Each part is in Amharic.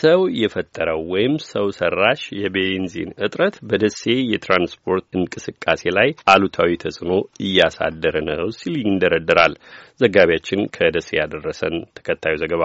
ሰው የፈጠረው ወይም ሰው ሰራሽ የቤንዚን እጥረት በደሴ የትራንስፖርት እንቅስቃሴ ላይ አሉታዊ ተጽዕኖ እያሳደረ ነው ሲል ይንደረደራል። ዘጋቢያችን ከደሴ ያደረሰን ተከታዩ ዘገባ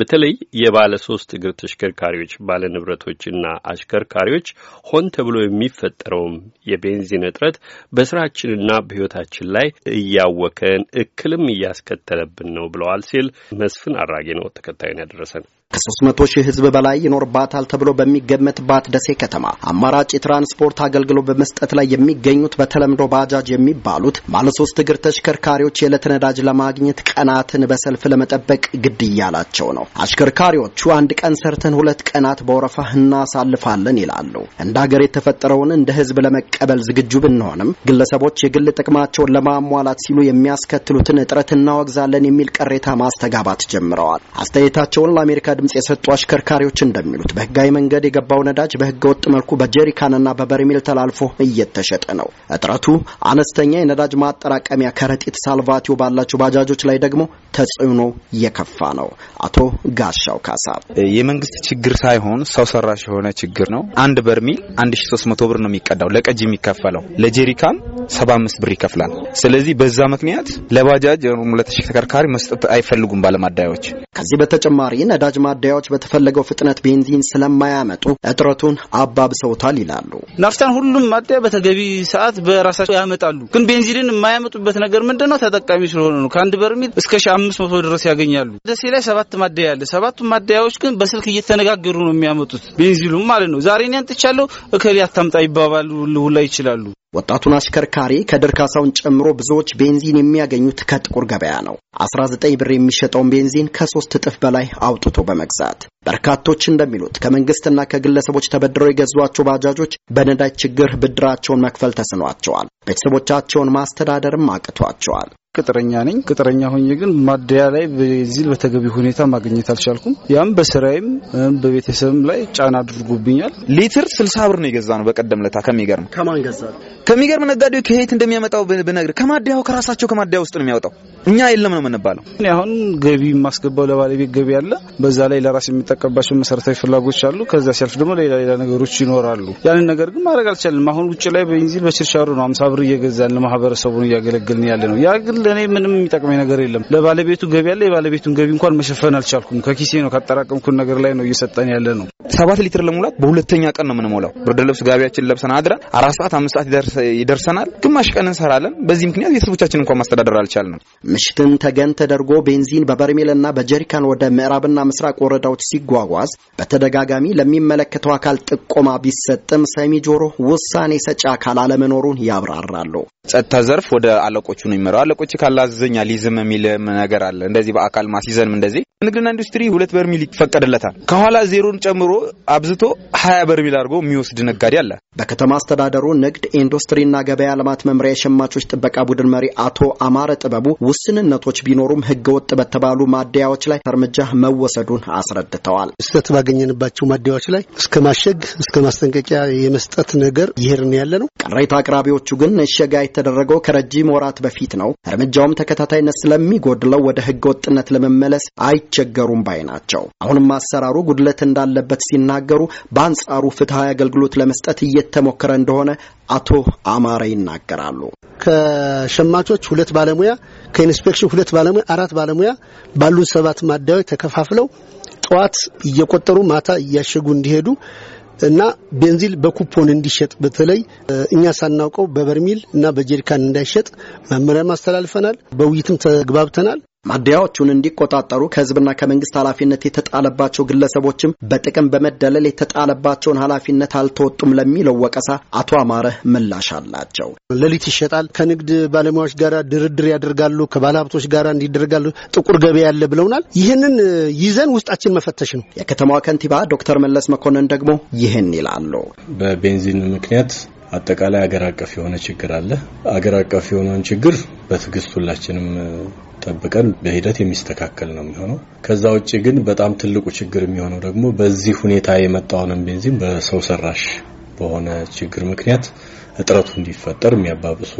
በተለይ የባለ ሶስት እግር ተሽከርካሪዎች ባለንብረቶች ንብረቶችና አሽከርካሪዎች ሆን ተብሎ የሚፈጠረውም የቤንዚን እጥረት በስራችንና በሕይወታችን ላይ እያወከን እክልም እያስከተለብን ነው ብለዋል ሲል መስፍን አራጌ ነው ተከታዩን ያደረሰን። ከሶስት መቶ ሺህ ህዝብ በላይ ይኖርባታል ተብሎ በሚገመትባት ደሴ ከተማ አማራጭ የትራንስፖርት አገልግሎት በመስጠት ላይ የሚገኙት በተለምዶ ባጃጅ የሚባሉት ባለ ሶስት እግር ተሽከርካሪዎች የዕለት ነዳጅ ለማግኘት ቀናትን በሰልፍ ለመጠበቅ ግድ እያላቸው ነው። አሽከርካሪዎቹ አንድ ቀን ሰርተን ሁለት ቀናት በወረፋ እናሳልፋለን ይላሉ። እንደ ሀገር የተፈጠረውን እንደ ህዝብ ለመቀበል ዝግጁ ብንሆንም ግለሰቦች የግል ጥቅማቸውን ለማሟላት ሲሉ የሚያስከትሉትን እጥረት እናወግዛለን የሚል ቅሬታ ማስተጋባት ጀምረዋል። አስተያየታቸውን ለአሜሪካ ድምጽ የሰጡ አሽከርካሪ አሽከርካሪዎች እንደሚሉት በህጋዊ መንገድ የገባው ነዳጅ በህገ ወጥ መልኩ በጀሪካንና በበርሜል ተላልፎ እየተሸጠ ነው። እጥረቱ አነስተኛ የነዳጅ ማጠራቀሚያ ከረጢት ሳልቫቲዮ ባላቸው ባጃጆች ላይ ደግሞ ተጽዕኖ የከፋ ነው። አቶ ጋሻው ካሳ የመንግስት ችግር ሳይሆን ሰው ሰራሽ የሆነ ችግር ነው። አንድ በርሜል 1300 ብር ነው የሚቀዳው፣ ለቀጅ የሚከፈለው ለጀሪካን 75 ብር ይከፍላል። ስለዚህ በዛ ምክንያት ለባጃጅ ለተሽከርካሪ መስጠት አይፈልጉም ባለማደያዎች። ከዚህ በተጨማሪ ነዳጅ ማደያዎች በተፈለገው ፍጥነት ቤንዚን ስለማያመጡ እጥረቱን አባብሰውታል ይላሉ። ናፍታን ሁሉም ማጣያ በተገቢ ሰዓት በራሳቸው ያመጣሉ። ግን ቤንዚንን የማያመጡበት ነገር ምንድን ነው? ተጠቃሚ ስለሆነ ነው። ከአንድ በርሚል እስከ ሺ አምስት መቶ ድረስ ያገኛሉ። ደሴ ላይ ሰባት ማደያ አለ። ሰባቱ ማደያዎች ግን በስልክ እየተነጋገሩ ነው የሚያመጡት ቤንዚሉም ማለት ነው። ዛሬ እኔ አንጥቻለሁ እከሌ አታምጣ ይባባሉ ሁላ ይችላሉ። ወጣቱን አሽከርካሪ ከድር ካሳውን ጨምሮ ብዙዎች ቤንዚን የሚያገኙት ከጥቁር ገበያ ነው። 19 ብር የሚሸጠውን ቤንዚን ከሶስት እጥፍ በላይ አውጥቶ በመግዛት በርካቶች እንደሚሉት ከመንግስትና ከግለሰቦች ተበድረው የገዟቸው ባጃጆች በነዳጅ ችግር ብድራቸውን መክፈል ተስኗቸዋል። ቤተሰቦቻቸውን ማስተዳደርም አቅቷቸዋል። ቅጥረኛ ነኝ። ቅጥረኛ ሆኜ ግን ማደያ ላይ በዚህ በተገቢ ሁኔታ ማግኘት አልቻልኩም። ያም በስራዬም በቤተሰብም ላይ ጫና አድርጎብኛል። ሊትር ስልሳ ብር ነው የገዛ ነው በቀደም ለታ። ከሚገርም ከማን ገዛ? ከሚገርም ነጋዴው ከየት እንደሚያመጣው ብነግር ከማደያው ከራሳቸው ከማደያ ውስጥ ነው የሚያወጣው። እኛ የለም ነው የምንባለው። እኔ አሁን ገቢ የማስገባው ለባለቤት ገቢ አለ። በዛ ላይ ለራስ የሚጠቀምባቸው መሰረታዊ ፍላጎች አሉ። ከዛ ሲያልፍ ደግሞ ሌላ ሌላ ነገሮች ይኖራሉ። ያንን ነገር ግን ማድረግ አልቻለም። አሁን ውጭ ላይ በቤንዚን በችርቻሮ ነው አምሳ ብር እየገዛን ለማህበረሰቡን እያገለገልን ያለ ነው። ያ ግን ለእኔ ምንም የሚጠቅመኝ ነገር የለም። ለባለቤቱ ገቢ ያለ የባለቤቱን ገቢ እንኳን መሸፈን አልቻልኩም። ከኪሴ ነው ካጠራቀምኩን ነገር ላይ ነው እየሰጠን ያለ ነው። ሰባት ሊትር ለሙላት በሁለተኛ ቀን ነው የምንሞላው። ብርድ ልብስ ጋቢያችን ለብሰን አድረን አራት ሰዓት አምስት ሰዓት ይደርሰናል። ግማሽ ቀን እንሰራለን። በዚህ ምክንያት ቤተሰቦቻችን እንኳን ማስተዳደር አልቻልንም። ምሽትን ተገን ተደርጎ ቤንዚን በበርሜልና በጀሪካን ወደ ምዕራብና ምስራቅ ወረዳዎች ሲጓጓዝ በተደጋጋሚ ለሚመለከተው አካል ጥቆማ ቢሰጥም ሰሚ ጆሮ ውሳኔ ሰጪ አካል አለመኖሩን ያብራራሉ። ጸጥታ ዘርፍ ወደ አለቆቹ ነው የሚመራው። አለቆ ውጭ ካላዘኛል ይዝም የሚል ነገር አለ። እንደዚህ በአካል ማስይዘንም እንደዚህ ንግድና ኢንዱስትሪ ሁለት በርሚል ይፈቀድለታል። ከኋላ ዜሮን ጨምሮ አብዝቶ ሀያ በርሜል አድርጎ የሚወስድ ነጋዴ አለ። በከተማ አስተዳደሩ ንግድ ኢንዱስትሪና ገበያ ልማት መምሪያ የሸማቾች ጥበቃ ቡድን መሪ አቶ አማረ ጥበቡ ውስንነቶች ቢኖሩም ወጥ በተባሉ ማደያዎች ላይ እርምጃ መወሰዱን አስረድተዋል። ስህተት ባገኘንባቸው ማደያዎች ላይ እስከ ማሸግ እስከ ማስጠንቀቂያ የመስጠት ነገር ይሄርን ያለ ነው። ቅሬታ አቅራቢዎቹ ግን እሸጋ የተደረገው ከረጅም ወራት በፊት ነው፣ እርምጃውም ተከታታይነት ስለሚጎድለው ወደ ህገወጥነት ለመመለስ አይቸገሩም ባይ ናቸው። አሁንም አሰራሩ ጉድለት እንዳለበት ሲናገሩ በአንጻሩ ፍትሐዊ አገልግሎት ለመስጠት እየተሞከረ እንደሆነ አቶ አማረ ይናገራሉ። ከሸማቾች ሁለት ባለሙያ፣ ከኢንስፔክሽን ሁለት ባለሙያ፣ አራት ባለሙያ ባሉን ሰባት ማደያዎች ተከፋፍለው ጠዋት እየቆጠሩ ማታ እያሸጉ እንዲሄዱ እና ቤንዚል በኩፖን እንዲሸጥ በተለይ እኛ ሳናውቀው በበርሚል እና በጀሪካን እንዳይሸጥ መመሪያም አስተላልፈናል። በውይይትም ተግባብተናል። ማደያዎቹን እንዲቆጣጠሩ ከህዝብና ከመንግስት ኃላፊነት የተጣለባቸው ግለሰቦችም በጥቅም በመደለል የተጣለባቸውን ኃላፊነት አልተወጡም ለሚለው ወቀሳ አቶ አማረ ምላሽ አላቸው። ሌሊት ይሸጣል፣ ከንግድ ባለሙያዎች ጋር ድርድር ያደርጋሉ፣ ከባለሀብቶች ጋር እንዲደርጋሉ፣ ጥቁር ገበያ ያለ ብለውናል። ይህንን ይዘን ውስጣችን መፈተሽ ነው። የከተማዋ ከንቲባ ዶክተር መለስ መኮንን ደግሞ ይህን ይላሉ። በቤንዚን ምክንያት አጠቃላይ አገር አቀፍ የሆነ ችግር አለ። አገር አቀፍ የሆነውን ችግር በትዕግስት ሁላችንም ጠብቀን በሂደት የሚስተካከል ነው የሚሆነው። ከዛ ውጭ ግን በጣም ትልቁ ችግር የሚሆነው ደግሞ በዚህ ሁኔታ የመጣውንም ቤንዚን በሰው ሰራሽ በሆነ ችግር ምክንያት እጥረቱ እንዲፈጠር የሚያባብሱ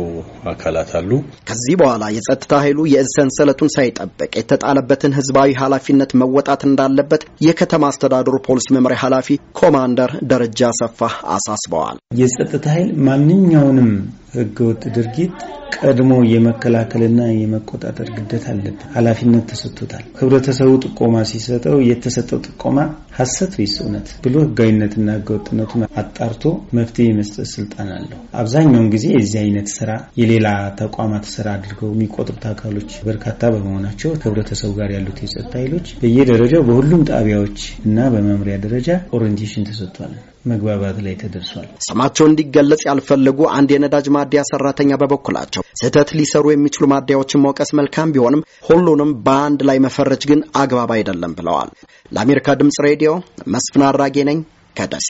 አካላት አሉ። ከዚህ በኋላ የጸጥታ ኃይሉ የእዝ ሰንሰለቱን ሳይጠበቅ የተጣለበትን ህዝባዊ ኃላፊነት መወጣት እንዳለበት የከተማ አስተዳደሩ ፖሊስ መምሪያ ኃላፊ ኮማንደር ደረጃ ሰፋ አሳስበዋል። የጸጥታ ኃይል ማንኛውንም ህገወጥ ድርጊት ቀድሞ የመከላከልና የመቆጣጠር ግዴታ አለብን። ኃላፊነት ተሰጥቶታል። ህብረተሰቡ ጥቆማ ሲሰጠው የተሰጠው ጥቆማ ሀሰት ወይስ እውነት ብሎ ህጋዊነትና ህገወጥነቱን አጣርቶ መፍትሄ የመስጠት ስልጣን አለው። አብዛኛውን ጊዜ የዚህ አይነት ስራ የሌላ ተቋማት ስራ አድርገው የሚቆጥሩት አካሎች በርካታ በመሆናቸው ከህብረተሰቡ ጋር ያሉት የጸጥታ ኃይሎች በየደረጃው በሁሉም ጣቢያዎች እና በመምሪያ ደረጃ ኦሪንቴሽን ተሰጥቷል። መግባባት ላይ ተደርሷል። ስማቸው እንዲገለጽ ያልፈለጉ አንድ የነዳጅ ማደያ ሰራተኛ በበኩላቸው ስህተት ሊሰሩ የሚችሉ ማደያዎችን መውቀስ መልካም ቢሆንም ሁሉንም በአንድ ላይ መፈረጅ ግን አግባብ አይደለም ብለዋል። ለአሜሪካ ድምጽ ሬዲዮ መስፍን አራጌ ነኝ ከደሴ